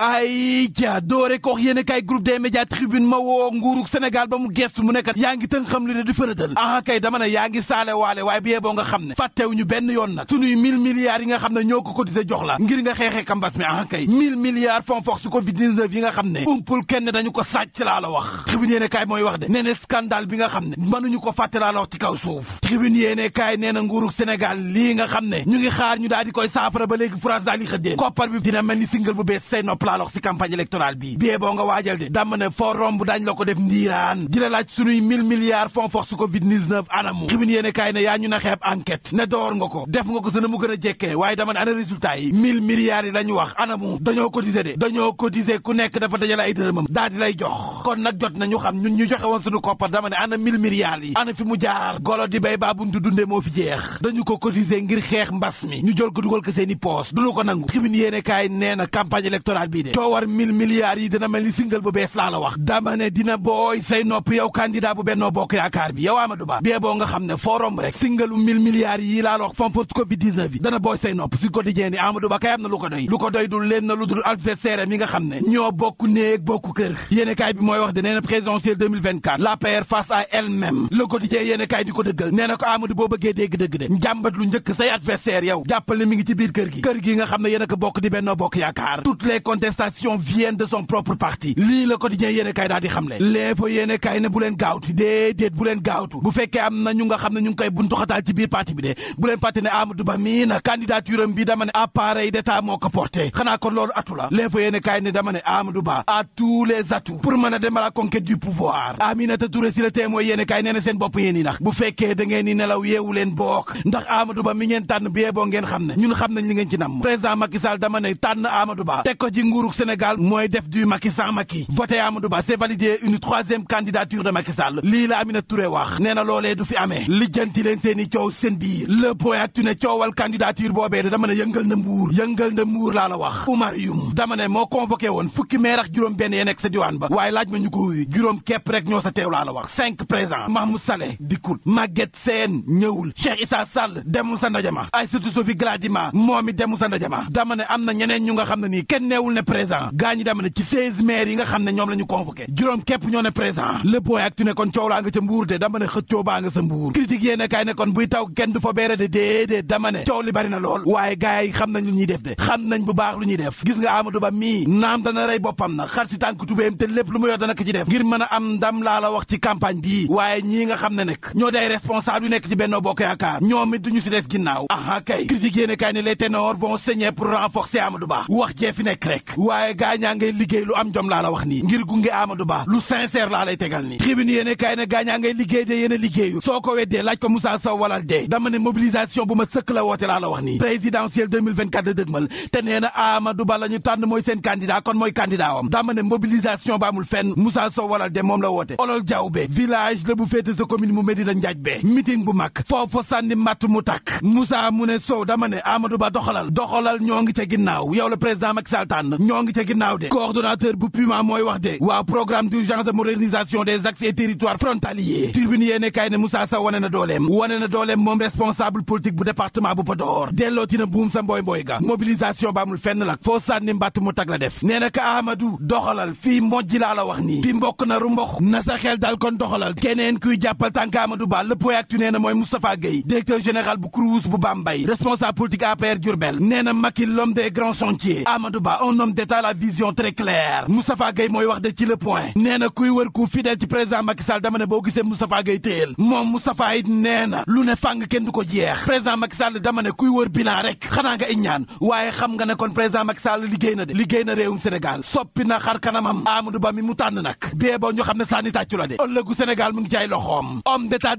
ay ja doore kox yéen a kay groupe des médias tribune ma woo nguurug Sénégal ba mu gestu mu nekkat yaa ngi tënk xam li ne di fërëtal ah kay dama ne yaa ngi saale waale waaye bu yeboo nga xam ne fàttewu benn yoon nag sunuy mille milliards yi nga xam ne ñoo ko cotisé jox la ngir nga xeexee ka mbas mi ah kay mille milliards fonds force covid 19 yi nga xam ne umpul kenn dañu ko sàcc laa la wax tribune yéen a kaay mooy wax de nee ne bi nga xam ne mënuñu ko fàtte laa la wax ci kaw suuf tribune yéen lii nga xam ne ñu ngi xaar ñu daal wàllox si campagne électorale bi biyee boo nga waajal de dàmm ne foo romb dañ la ko def ndiiraan di la laaj sunuy mille milliards fonds force covid 19 anamu tribune yéene kaay ne yaa ñu na xeeb enquête ne door nga ko def nga ko sëna mu gën a jekkee waaye dama ne ana résultat yi mille milliards yi la ñu wax anamu dañoo cotiser de dañoo cotiser ku nekk dafa dajale ay dërëmam daal di lay jox kon nag jot na ñu xam ñun ñu joxe woon suñu koppar dama ne ana mille milliards yi ana fi mu jaar golo di bay baa buntu dundee moo fi jeex dañu ko cotiser ngir xeex mbas mi ñu jël ko dugal ko seeni poos duñu ko nangu tribune yéene nee na campagne électorale bii de coowar mille milliards yi dina mel ni single bu bees laa la wax dama ne dina booy say nopp yow candidat bu bennoo bokk yaakaar bi yow Amadou Ba bee nga xam ne forum rek single mille milliards bi dana booy say nopp lu ko doy lu nga xam ne ñoo bokk néeg mooy wax de nee na présidentielle 2024 face à elle-même le quotidien yéen kaay di ko dëggal nee ko Amadou boo bëggee dégg dëgg de lu njëkk say adversaire yow jàppale mi ngi ci biir kër gi kër xam ne yéen ko bokk di Benno Bokk Yaakaar toutes les contestations viennent de son propre parti lii le quotidien yéen kaay daal di xamle l'info yéen kaay ne bu leen gaawtu déedéet bu bu fekkee am na ñu nga xam ne ñu ngi koy xataal ci biir parti bi démarre la conquête du pouvoir Aminata Touré si la témoin yéen kaay seen bopp yéen yi nax bu fekkee da ngeen ni nelaw yeewu leen book ndax Amadou Ba mi ngeen tànn biyee boo ngeen xam ne ñun xam nañ li ngeen ci nam président Macky Sall dama ne tànn Amadou Ba teg ko ci nguurug Sénégal mooy def du Macky sans Macky voté Amadou Ba c'est validé une troisième candidature de Macky Sall lii la Aminata Touré wax nee na loolee du fi amee lijjanti leen seen i coow seen biir le point actu ne coowal candidature dama ne yëngal na mbuur yëngal na mbuur laa la wax Oumar Youm dama ne moo convoqué woon fukki maire ak benn yee nekk sa diwaan ba waaye laaj ma ñu ko wuyu juróom képp rek ñoo sa teew laa la wax cinq présents Mahmoud Saleh dikkul Maguette Sène ñëwul Cheikh Issa Sall demul sa ndajama Aïssatou Sophie Gladima moom it demul sa ndajama dama ne am na ñeneen ñu nga xam ne nii kenn neewul ne présent gaa ñi dama ne ci seize maires yi nga xam ne ñoom la ñu convoqué juróom képp ñoo ne présent le point ak tu ne kon coow laa nga ca mbuur de dama ne xëccoo baa nga sa mbuur critique yéene kaay ne kon buy taw na lool waaye nañ lu ñuy def lu ñuy def gis nga Amadou Ba mii dana ko ci def ngir mën a am ndam laa la wax ci campagne bii waaye ñii nga xam ne nekk ñoo day responsable yu nekk ci Benno Bokk Yaakaar ñoom it duñu si des ginnaaw aha kay critique wax jee fi nekk rek waaye gaa liggéey lu am jom laa la wax nii ngir gunge Amadou Ba lu sincère laa lay tegal nii tribune yéene kaay ne gaa ñaa a liggéeyu soo ko weddee laaj ko dama ne mobilisation bu ma sëkk la woote laa la wax nii présidentielle 2024 la dëgmal te nee na Amadou Ba la tànn mooy seen candidat kon mooy candidat wam dama ne mobilisation ba amul fenn naan Moussa Sow walal de moom la woote olol jaww be village la bu féete sa commune mu Medina Njaaj be meeting bu mag foofa sànni matt mu tàkk Moussa mu ne Sow dama ne Amadou Ba doxalal doxalal ñoo ngi ca ginnaaw yow la président Macky ñoo ngi ca ginnaaw de coordonnateur bu Puma mooy wax de waaw programme d'urgence de modernisation des axes et territoires frontaliers tribune yéene kaay ne Moussa Sow wane na dooleem wane na dooleem moom responsable politique bu département sa ba amul fenn lak foo sànni mbàtt mu tag la wax nii fi mbokk na ru mbox na sa xel daal kon doxalal keneen kuy jàppal tànk Amadou Ba le point actu nee na mooy Moustapha Gueye directeur général bu CROUS bu Bambey responsable politique APR Diourbel nee na Macky l'homme des grands chantiers Amadou Ba un homme très claire Moustapha Gueye mooy wax de ci le point nee na kuy wër ku fidèle ci président Macky dama ne boo gisee Moustapha Gueye téyel moom Moustapha it nee lu ne fàng kenn du ko jeex président Macky Sall dama ne kuy wër bilan rek xanaa nga iñaan nga ne kon président Macky Sall liggéey na de liggéey na réewum Sénégal soppi na xar kanamam Amadou Ba mi ànd nag bee boo xam ne sànni tàccu la de mu ngi jaay loxoom homme d'état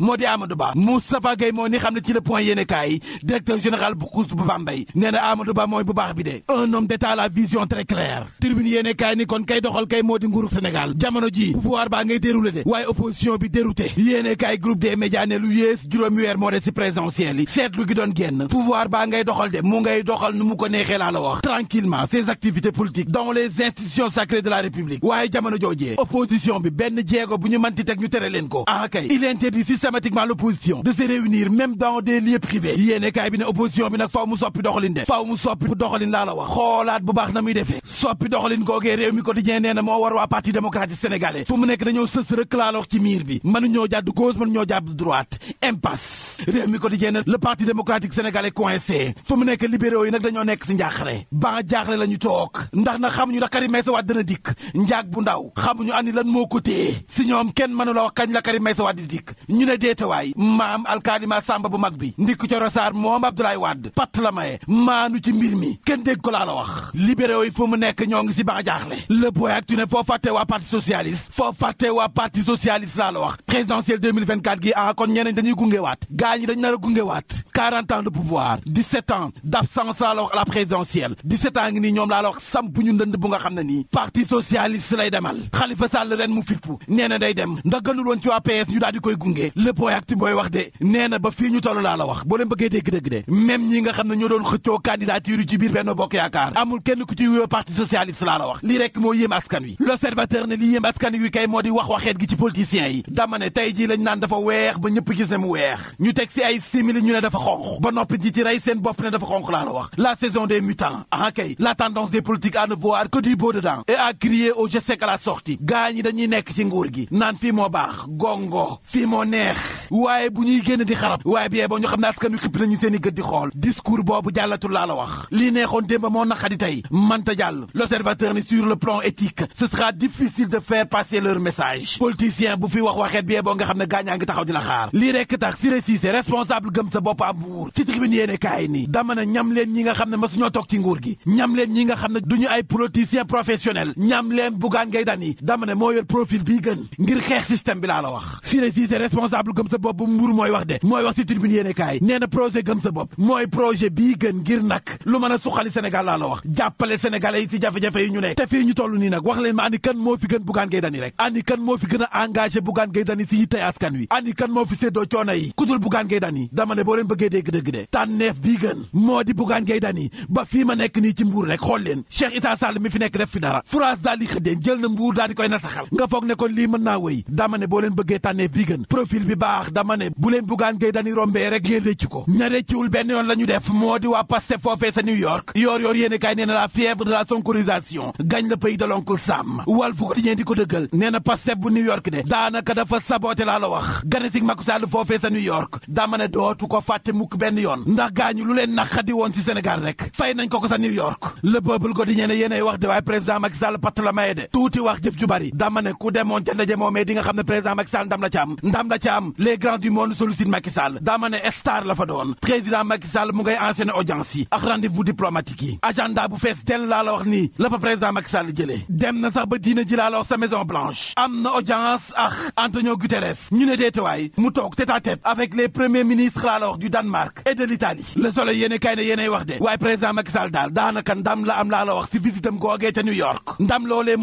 moo di Amadou Ba Moustapha Gueye moo ni ne ci le point yéene kaay directeur général bu COUS bu Bambey nee Ba mooy bu baax bi de un homme d'état la vision très claire tribune yéene kaay ni kon kay doxal kay moo di nguurug Sénégal jamono ji pouvoir baa ngay déroulé de waaye opposition bi dérouté yéene kaay groupe des médias ne lu yées juróomi weer moo de si présidentielle seetlu gi doon génn pouvoir baa ngay doxal de mu ngay doxal nu mu ko neexee laa la wax tranquillement ses activités politiques dans les institutions sacrées de la République waaye jamono joojee opposition bi benn jeego bu ñu manti teg ñu tere leen ko ah kay il interdit systématiquement l'opposition de se réunir même dans des lieux privés yéene kaay bi ne opposition bi nag faaw mu soppi doxalin de faaw mu soppi doxalin laa la wax na muy defee soppi doxalin googee réew mi quotidien nee na moo war waa parti démocratique sénégalais fu mu nekk dañoo sës rek laalox ci miir bi mënuñoo jàdd gauche mënuñoo jàdd droite impasse réew mi quotidien ne le parti démocratique sénégalais coincé fu mu nekk libéraux yi nag dañoo nekk si njaaxare ba jaaxle la ñu toog ndax na xam ñu ndax Karim njaag bu ndaw xamuñu ani lan moo ko téye si ñoom kenn mënu la wax kañ la Karim Meïssa Wade di dikk ñu ne déetawaay maam alkaalima sàmba bu mag bi ndikk coro moom Abdoulaye Wade patt la maye maanu ci mbir mi kenn dégg ko laa la wax libéraux yi fu mu nekk ñoo ngi si ba jaaxle le boy ak tu ne foo fàtte waa parti socialiste foo fàtte waa parti socialiste laa la wax présidentielle 2024 gi ah kon ñeneen ñi dañ nar a gungewaat 40 ans xaalis lay demal Khalifa Sall ren mu fippu nee na dem ndax gënul ci waa PS ñu daal koy gunge le point ti booy wax de nee na ba fii ñu toll laa la wax boo bëggee dégg dëgg de même nga xam ne ñoo doon xëccoo candidature yi ci biir Benno Bokk Yaakaar amul kenn ku ci wuyoo parti socialiste laa la wax lii rek moo yéem askan wi l'observateur ne li yéem askan wi kay moo di wax waxeet gi ci politiciens yi dama ne tey jii lañ naan dafa ba ñëpp gis ci rey seen bopp ne dafa xonq laa la wax au je sais gi naan fii moo baax gongo fii moo neex waaye bu ñuy génn di xarab waaye bi yee i gët di xool discours boobu jàllatul laa la wax lii neexoon difficile de faire passer leur message politicien bu fi wax bi yee nga xam ne gaañaa ngi taxaw di la xaar lii rekk tax Siré Cissé responsable gëm sa bopp am buur ci tribune kaay ni dama ne ñam leen ñi nga xam ne masuñoo toog ci nguur gi ñam leen ñi nga xam ne duñu ay politicien professionnel ñam leen man Bougane Gueye Dany dama ne moo yor profil bii gën ngir xeex système bi laa la wax Siré Cissé responsable gëm sa bopp bu Mbour mooy wax de mooy wax ci tribune yéene kaay nee projet gëm sa bopp mooy projet bii gën ngir nag lu mën a suqali Sénégal laa la wax jàppale sénégalais yi ci jafe-jafe yi ñu ne te fii ñu toll nii nag wax leen ma ani kan moo fi gën Bougane Gueye Dany rek ani kan moo fi gën a engagé Bougane Gueye Dany si yitte askan wi ani kan moo fi séddoo coono yi kudul Bougane Gueye Dany dama ne boo leen bëggee dégg dëgg de tànneef bii gën moo di Bougane Gueye Dany ba fii nekk nii ci Mbour rek xool leen Cheikh Issa fi nekk def fi dara de jël na mbuur daal di koy nasaxal nga foog ne kon lii mën naa wëy dama ne boo leen bëggee tànnee bi gën profil bi baax dama ne bu leen buggaan gay dañuy rombee rek ngeen récc ko ña benn yoon la ñu def moo di waa Pastef foofee sa New York yoor yoor yéen i kaay nee na la fièvre de la sonkorisation gañ le pays de l'oncle Sam Walf Quotidien di ko dëggal nee na Pastef bu New York de daanaka dafa saboté laa la wax ganesig Macky Sall benn yoon ndax gaañu lu leen naqadi woon ci Sénégal rek fay nañ ko ko sa New York le peuple quotidien foofee de tuuti wax jëf ju bari dama ne ku demoon ca ndaje moomee di nga xam ne président Macky ndam la ci am ndam la ci am les grands du monde sollicitent Macky Sall dama ne star la fa doon président Macky mu ngay enchaîné audience ak rendez-vous diplomatique yi agenda bu fees tell laa la wax nii la fa président Macky Sall dem na sax ba diina ji laa la wax sa Maison Blanche am na audience ak Antonio Guterres ñu ne deetewaay mu toog tête avec les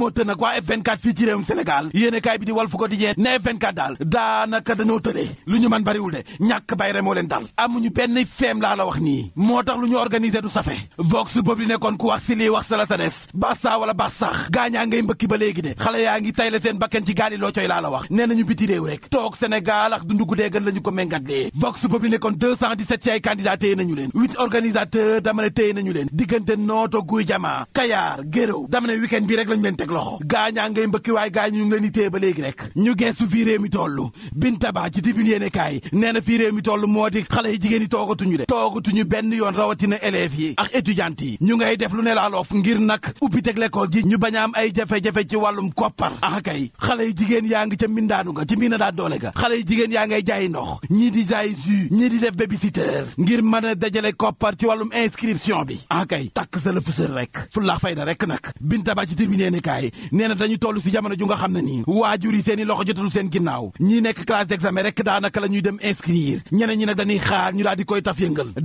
moo tën ak waa f fii ci réewum Sénégal yéene kaay bi di Walf Quotidien ne F24 daal daanaka dañoo tëlee lu ñu mën bariwul de ñàkk bay re leen dal amuñu benn feem laa la wax nii moo tax lu ñu organiser du safe vox bob li nekkoon ku wax si lii wax sa la sa des Barça wala gaañaa ngay mbëkki ba léegi de xale yaa ngi tay seen bakken ci gaali loo coy laa la wax nee nañu biti réew rek toog Sénégal ak dundu gën lañu leen loxo gaañaa ngay mbëkki waay gaañ ñu ngi leen di ba léegi rek ñu geestu fii réew mi toll Binta Ba ci tribune yéene kaay nee na fii réew mi toll moo di xale yi jigéen yi toogatuñu de toogatuñu benn yoon rawatina élèves yi ak étudiantes yi ñu ngay def lu ne laaloof ngir nag ubbi teg l'école ji ñu bañ a ay jafe-jafe ci wàllum koppar ah xale yi jigéen yaa ngi ca mbindaanu nga ci mbinda daa doole ga xale yi jigéen yaa ngay jaay ndox ñii di jaay jus ñii di def babysitter ngir mën a dajale koppar ci wàllum inscription bi ah kay takk rek fu laa fay na kaay nee na dañu toll si jamono ju nga xam ne nii waajur yi seen i loxo jotalu seen ginnaaw ñii nekk classe d'examen rek daanaka la dem inscrire ñeneen ñi nag dañuy xaar ñu daal di koy taf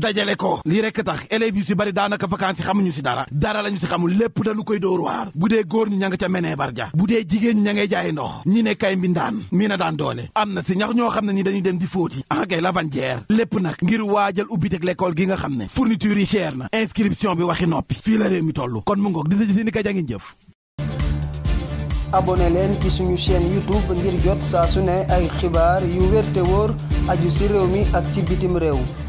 dajale ko lii rek tax élèves yu si bari daanaka vacances yi xamuñu si dara dara lañu si xamul lépp dañu koy dóor waar bu dee góor ñi ña ca menee barja bu dee jigéen ñi ña ngay jaay ndox mbindaan mii na daan doole am na si ñax ñoo xam ne ni dañuy abone leen ci suñu chaîne YouTube ngir jot saa su ne ay xibaar yu werte te wóor aju ci réew mi ak ci bitim réew